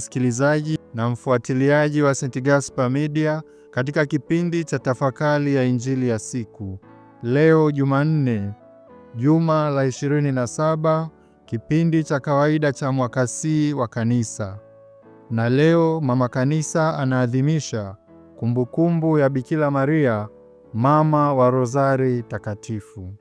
msikilizaji na mfuatiliaji wa St. Gaspar Media katika kipindi cha tafakari ya Injili ya siku. Leo Jumanne, juma la 27 kipindi cha kawaida cha mwaka C wa Kanisa. Na leo Mama Kanisa anaadhimisha kumbukumbu ya Bikira Maria, mama wa Rozari Takatifu.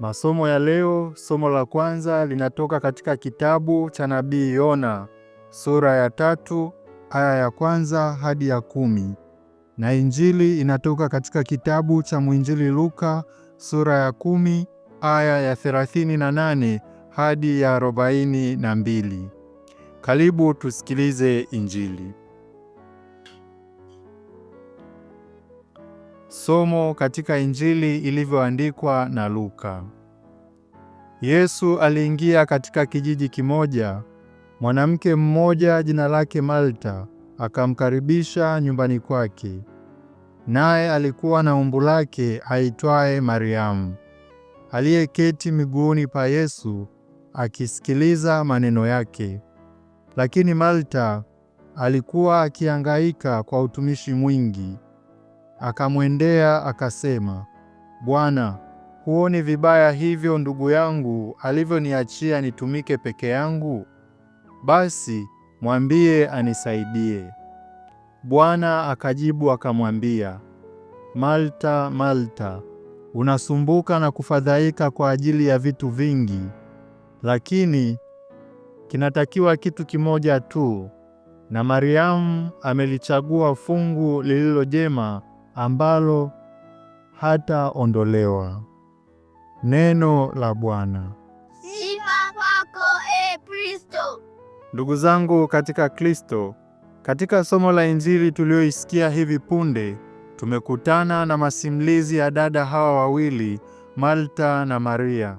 Masomo ya leo, somo la kwanza linatoka katika kitabu cha nabii Yona sura ya tatu aya ya kwanza hadi ya kumi na Injili inatoka katika kitabu cha mwinjili Luka sura ya kumi aya ya thelathini na nane hadi ya arobaini na mbili. Karibu tusikilize Injili. Somo katika Injili ilivyoandikwa na Luka. Yesu aliingia katika kijiji kimoja Mwanamke mmoja jina lake Malta akamkaribisha nyumbani kwake, naye alikuwa na umbu lake aitwaye Mariamu, aliyeketi miguuni pa Yesu akisikiliza maneno yake. Lakini Malta alikuwa akihangaika kwa utumishi mwingi. Akamwendea akasema, Bwana, huoni vibaya hivyo ndugu yangu alivyoniachia nitumike peke yangu? basi mwambie anisaidie. Bwana akajibu akamwambia, Malta, Malta, unasumbuka na kufadhaika kwa ajili ya vitu vingi, lakini kinatakiwa kitu kimoja tu, na Mariamu amelichagua fungu lililo jema ambalo hataondolewa. Neno la Bwana. Sifa kwako, e Kristo. Ndugu zangu katika Kristo, katika somo la Injili tuliyoisikia hivi punde, tumekutana na masimulizi ya dada hawa wawili, malta na Maria,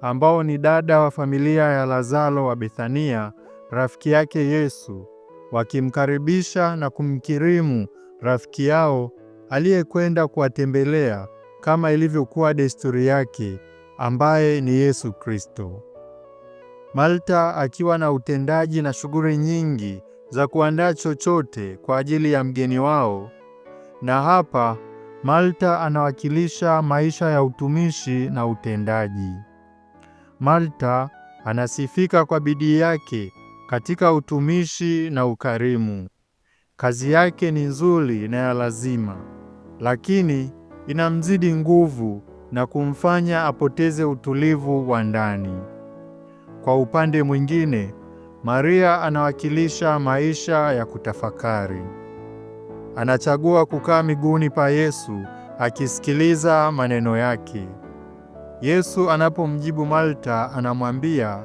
ambao ni dada wa familia ya Lazaro wa Bethania, rafiki yake Yesu, wakimkaribisha na kumkirimu rafiki yao aliyekwenda kuwatembelea kama ilivyokuwa desturi yake, ambaye ni Yesu Kristo. Malta akiwa na utendaji na shughuli nyingi za kuandaa chochote kwa ajili ya mgeni wao, na hapa Malta anawakilisha maisha ya utumishi na utendaji. Malta anasifika kwa bidii yake katika utumishi na ukarimu. Kazi yake ni nzuri na ya lazima, lakini inamzidi nguvu na kumfanya apoteze utulivu wa ndani. Kwa upande mwingine, Maria anawakilisha maisha ya kutafakari. Anachagua kukaa miguuni pa Yesu akisikiliza maneno yake. Yesu anapomjibu Malta, anamwambia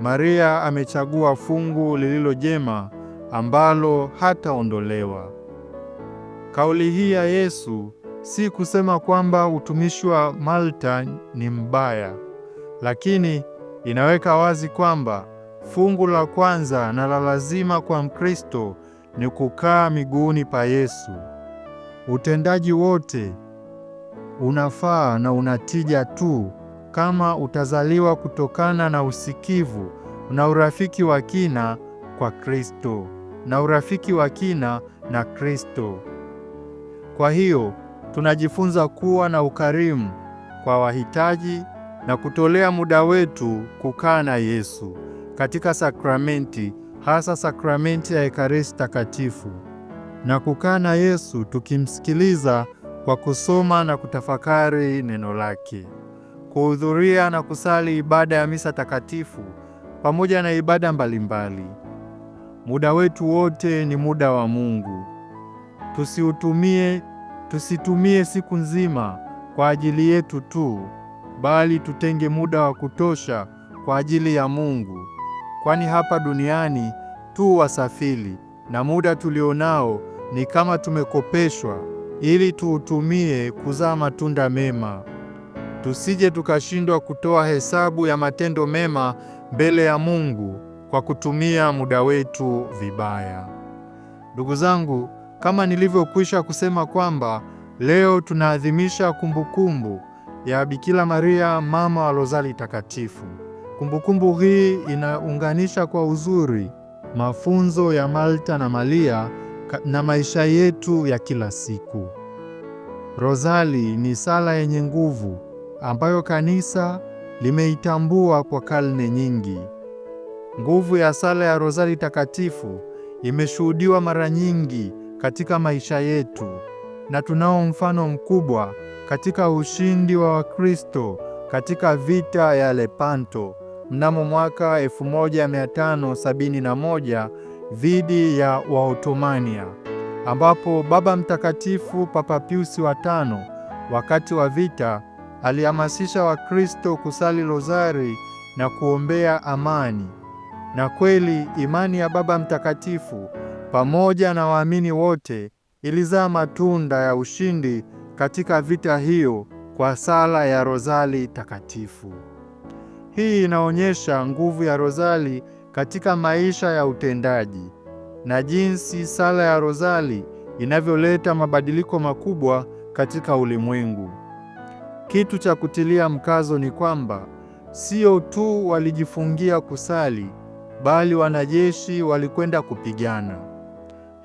Maria amechagua fungu lililo jema ambalo hataondolewa. Kauli hii ya Yesu si kusema kwamba utumishi wa Malta ni mbaya, lakini inaweka wazi kwamba fungu la kwanza na la lazima kwa Mkristo ni kukaa miguuni pa Yesu. Utendaji wote unafaa na unatija tu kama utazaliwa kutokana na usikivu na urafiki wa kina kwa Kristo na urafiki wa kina na Kristo. Kwa hiyo tunajifunza kuwa na ukarimu kwa wahitaji na kutolea muda wetu kukaa na Yesu katika sakramenti, hasa sakramenti ya Ekaristi Takatifu, na kukaa na Yesu tukimsikiliza kwa kusoma na kutafakari neno lake, kuhudhuria na kusali ibada ya misa takatifu pamoja na ibada mbalimbali. Muda wetu wote ni muda wa Mungu. Tusiutumie, tusitumie siku nzima kwa ajili yetu tu bali tutenge muda wa kutosha kwa ajili ya Mungu, kwani hapa duniani tu wasafiri na muda tulionao ni kama tumekopeshwa, ili tuutumie kuzaa matunda mema, tusije tukashindwa kutoa hesabu ya matendo mema mbele ya Mungu kwa kutumia muda wetu vibaya. Ndugu zangu, kama nilivyokwisha kusema kwamba leo tunaadhimisha kumbukumbu ya Bikira Maria mama wa Rozari Takatifu. Kumbukumbu hii inaunganisha kwa uzuri mafunzo ya Malta na Maria na maisha yetu ya kila siku. Rozari ni sala yenye nguvu ambayo kanisa limeitambua kwa karne nyingi. Nguvu ya sala ya Rozari Takatifu imeshuhudiwa mara nyingi katika maisha yetu na tunao mfano mkubwa katika ushindi wa Wakristo katika vita ya Lepanto mnamo mwaka 1571 dhidi ya Waotomania, ambapo Baba Mtakatifu Papa Piusi wa tano wakati wa vita alihamasisha Wakristo kusali rozari na kuombea amani. Na kweli imani ya Baba Mtakatifu pamoja na waamini wote ilizaa matunda ya ushindi katika vita hiyo kwa sala ya Rozali Takatifu. Hii inaonyesha nguvu ya Rozali katika maisha ya utendaji na jinsi sala ya Rozali inavyoleta mabadiliko makubwa katika ulimwengu. Kitu cha kutilia mkazo ni kwamba sio tu walijifungia kusali, bali wanajeshi walikwenda kupigana.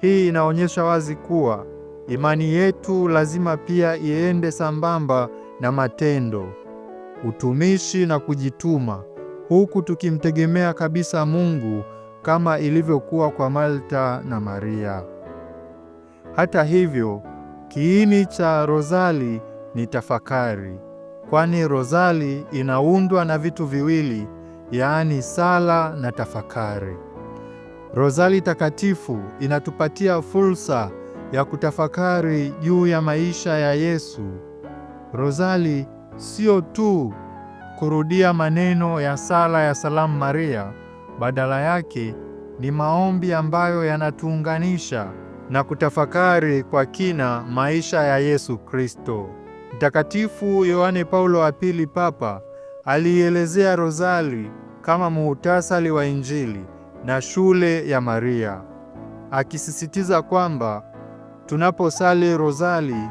Hii inaonyesha wazi kuwa imani yetu lazima pia iende sambamba na matendo, utumishi na kujituma, huku tukimtegemea kabisa Mungu kama ilivyokuwa kwa Malta na Maria. Hata hivyo, kiini cha rozali ni tafakari, kwani rozali inaundwa na vitu viwili, yaani sala na tafakari. Rozari takatifu inatupatia fursa ya kutafakari juu ya maisha ya Yesu. Rozari sio tu kurudia maneno ya sala ya Salamu Maria, badala yake ni maombi ambayo yanatuunganisha na kutafakari kwa kina maisha ya Yesu Kristo. Mtakatifu Yohane Paulo wa Pili Papa alielezea rozari kama muhtasari wa Injili na shule ya Maria, akisisitiza kwamba tunaposali rozali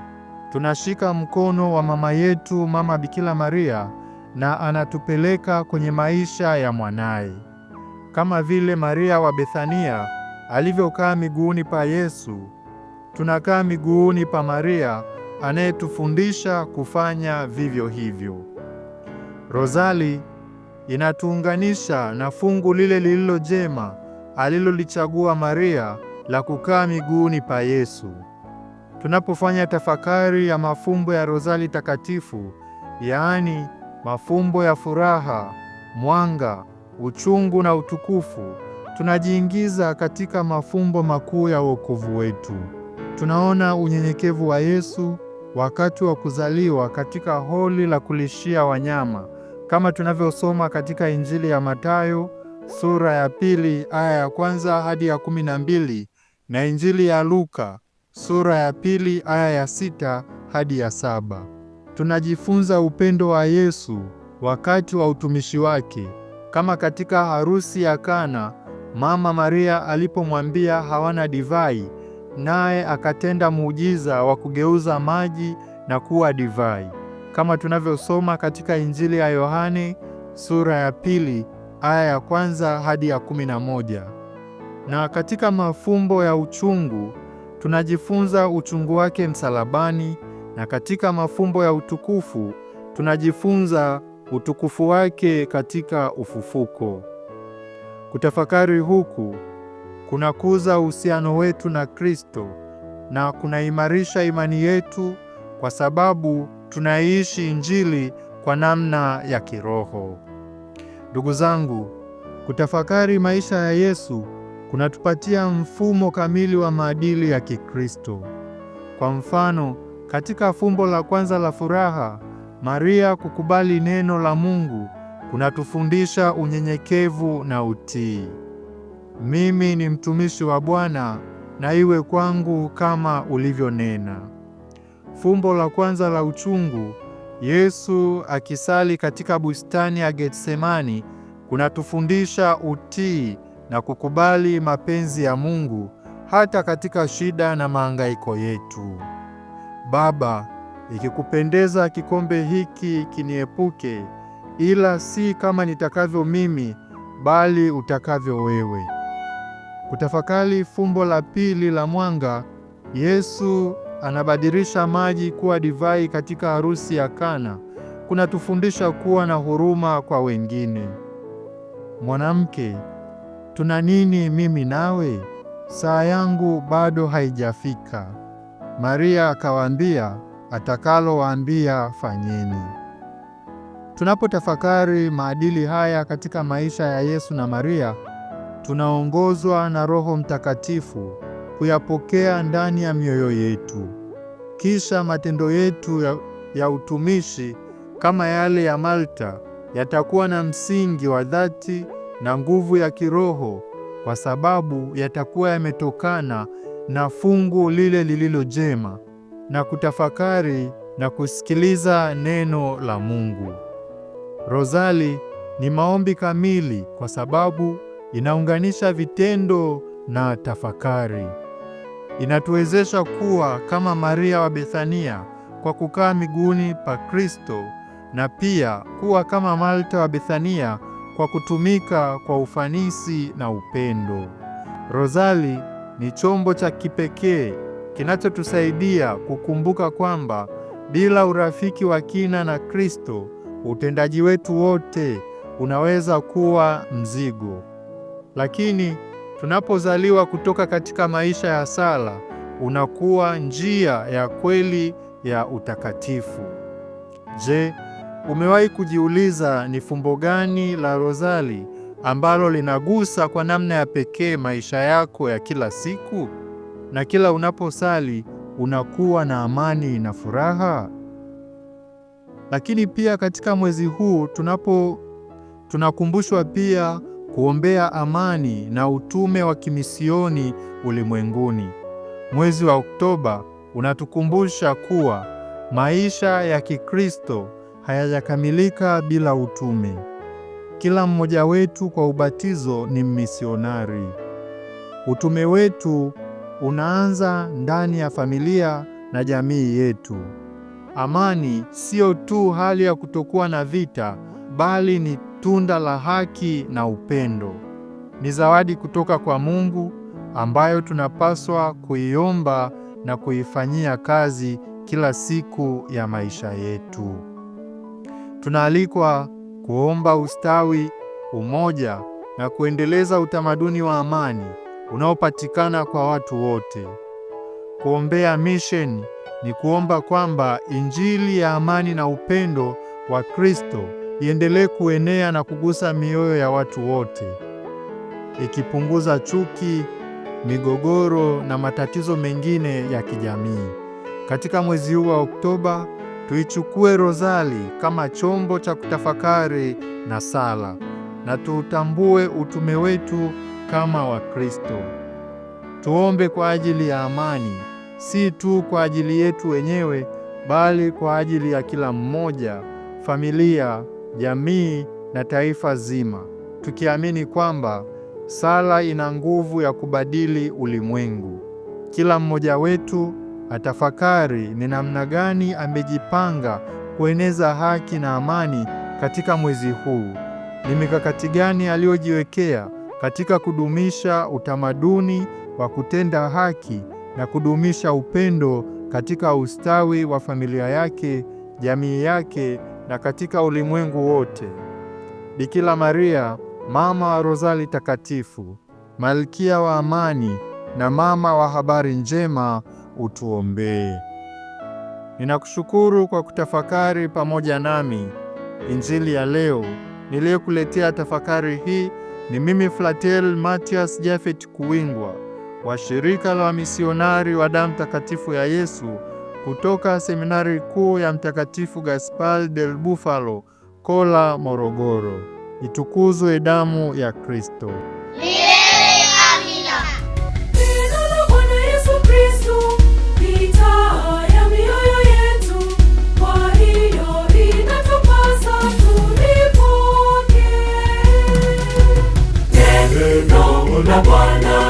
tunashika mkono wa mama yetu mama Bikira Maria na anatupeleka kwenye maisha ya mwanaye, kama vile Maria wa Bethania alivyokaa miguuni pa Yesu. Tunakaa miguuni pa Maria anayetufundisha kufanya vivyo hivyo. Rozali inatuunganisha na fungu lile lililo jema alilolichagua Maria la kukaa miguuni pa Yesu. Tunapofanya tafakari ya mafumbo ya rozali Takatifu, yaani mafumbo ya furaha, mwanga, uchungu na utukufu, tunajiingiza katika mafumbo makuu ya wokovu wetu. Tunaona unyenyekevu wa Yesu wakati wa kuzaliwa katika holi la kulishia wanyama kama tunavyosoma katika Injili ya Mathayo sura ya pili aya ya kwanza hadi ya kumi na mbili na Injili ya Luka sura ya pili aya ya sita hadi ya saba. Tunajifunza upendo wa Yesu wakati wa utumishi wake, kama katika harusi ya Kana, Mama Maria alipomwambia hawana divai, naye akatenda muujiza wa kugeuza maji na kuwa divai kama tunavyosoma katika Injili ya Yohane sura ya pili aya ya kwanza hadi ya kumi na moja. Na katika mafumbo ya uchungu tunajifunza uchungu wake msalabani, na katika mafumbo ya utukufu tunajifunza utukufu wake katika ufufuko. Kutafakari huku kunakuza uhusiano wetu na Kristo na kunaimarisha imani yetu kwa sababu tunaishi Injili kwa namna ya kiroho. Ndugu zangu, kutafakari maisha ya Yesu kunatupatia mfumo kamili wa maadili ya Kikristo. Kwa mfano, katika fumbo la kwanza la furaha, Maria kukubali neno la Mungu kunatufundisha unyenyekevu na utii. Mimi ni mtumishi wa Bwana, na iwe kwangu kama ulivyonena. Fumbo la kwanza la uchungu, Yesu akisali katika bustani ya Getsemani, kunatufundisha utii na kukubali mapenzi ya Mungu hata katika shida na mahangaiko yetu. Baba, ikikupendeza kikombe hiki kiniepuke, ila si kama nitakavyo mimi, bali utakavyo wewe. Kutafakari fumbo la pili la mwanga, Yesu anabadilisha maji kuwa divai katika harusi ya Kana kunatufundisha kuwa na huruma kwa wengine. Mwanamke, tuna nini mimi nawe? Saa yangu bado haijafika. Maria akawaambia, atakalowaambia fanyeni. Tunapotafakari maadili haya katika maisha ya Yesu na Maria, tunaongozwa na Roho Mtakatifu kuyapokea ndani ya mioyo yetu, kisha matendo yetu ya, ya utumishi kama yale ya Malta yatakuwa na msingi wa dhati na nguvu ya kiroho, kwa sababu yatakuwa yametokana na fungu lile lililo jema na kutafakari na kusikiliza neno la Mungu. Rozali ni maombi kamili kwa sababu inaunganisha vitendo na tafakari inatuwezesha kuwa kama Maria wa Bethania kwa kukaa miguuni pa Kristo na pia kuwa kama Malta wa Bethania kwa kutumika kwa ufanisi na upendo. Rozali ni chombo cha kipekee kinachotusaidia kukumbuka kwamba bila urafiki wa kina na Kristo, utendaji wetu wote unaweza kuwa mzigo. Lakini Tunapozaliwa kutoka katika maisha ya sala, unakuwa njia ya kweli ya utakatifu. Je, umewahi kujiuliza ni fumbo gani la rozali ambalo linagusa kwa namna ya pekee maisha yako ya kila siku? Na kila unaposali unakuwa na amani na furaha. Lakini pia katika mwezi huu tunapo tunakumbushwa pia kuombea amani na utume wa kimisioni ulimwenguni. Mwezi wa Oktoba unatukumbusha kuwa maisha ya Kikristo hayajakamilika bila utume. Kila mmoja wetu kwa ubatizo ni mmisionari. Utume wetu unaanza ndani ya familia na jamii yetu. Amani sio tu hali ya kutokuwa na vita, bali ni tunda la haki na upendo. Ni zawadi kutoka kwa Mungu ambayo tunapaswa kuiomba na kuifanyia kazi kila siku ya maisha yetu. Tunaalikwa kuomba ustawi, umoja na kuendeleza utamaduni wa amani unaopatikana kwa watu wote. Kuombea misheni ni kuomba kwamba Injili ya amani na upendo wa Kristo iendelee kuenea na kugusa mioyo ya watu wote, ikipunguza chuki, migogoro na matatizo mengine ya kijamii. Katika mwezi huu wa Oktoba, tuichukue rozali kama chombo cha kutafakari na sala, na tuutambue utume wetu kama Wakristo. Tuombe kwa ajili ya amani, si tu kwa ajili yetu wenyewe, bali kwa ajili ya kila mmoja, familia jamii na taifa zima, tukiamini kwamba sala ina nguvu ya kubadili ulimwengu. Kila mmoja wetu atafakari ni namna gani amejipanga kueneza haki na amani katika mwezi huu. Ni mikakati gani aliyojiwekea katika kudumisha utamaduni wa kutenda haki na kudumisha upendo katika ustawi wa familia yake, jamii yake na katika ulimwengu wote. Bikira Maria, mama wa Rozari Takatifu, malkia wa amani na mama wa habari njema, utuombee. Ninakushukuru kwa kutafakari pamoja nami Injili ya leo. Niliyokuletea tafakari hii ni mimi Flatel Matias Jafet Kuwingwa wa shirika la wamisionari wa damu takatifu ya Yesu kutoka Seminari Kuu ya Mtakatifu Gaspar del Bufalo, Kola, Morogoro. Itukuzwe Damu ya Kristo! Milele Bwana Yesu Kristo ya mioyo yetu, kwa hiyo Bwana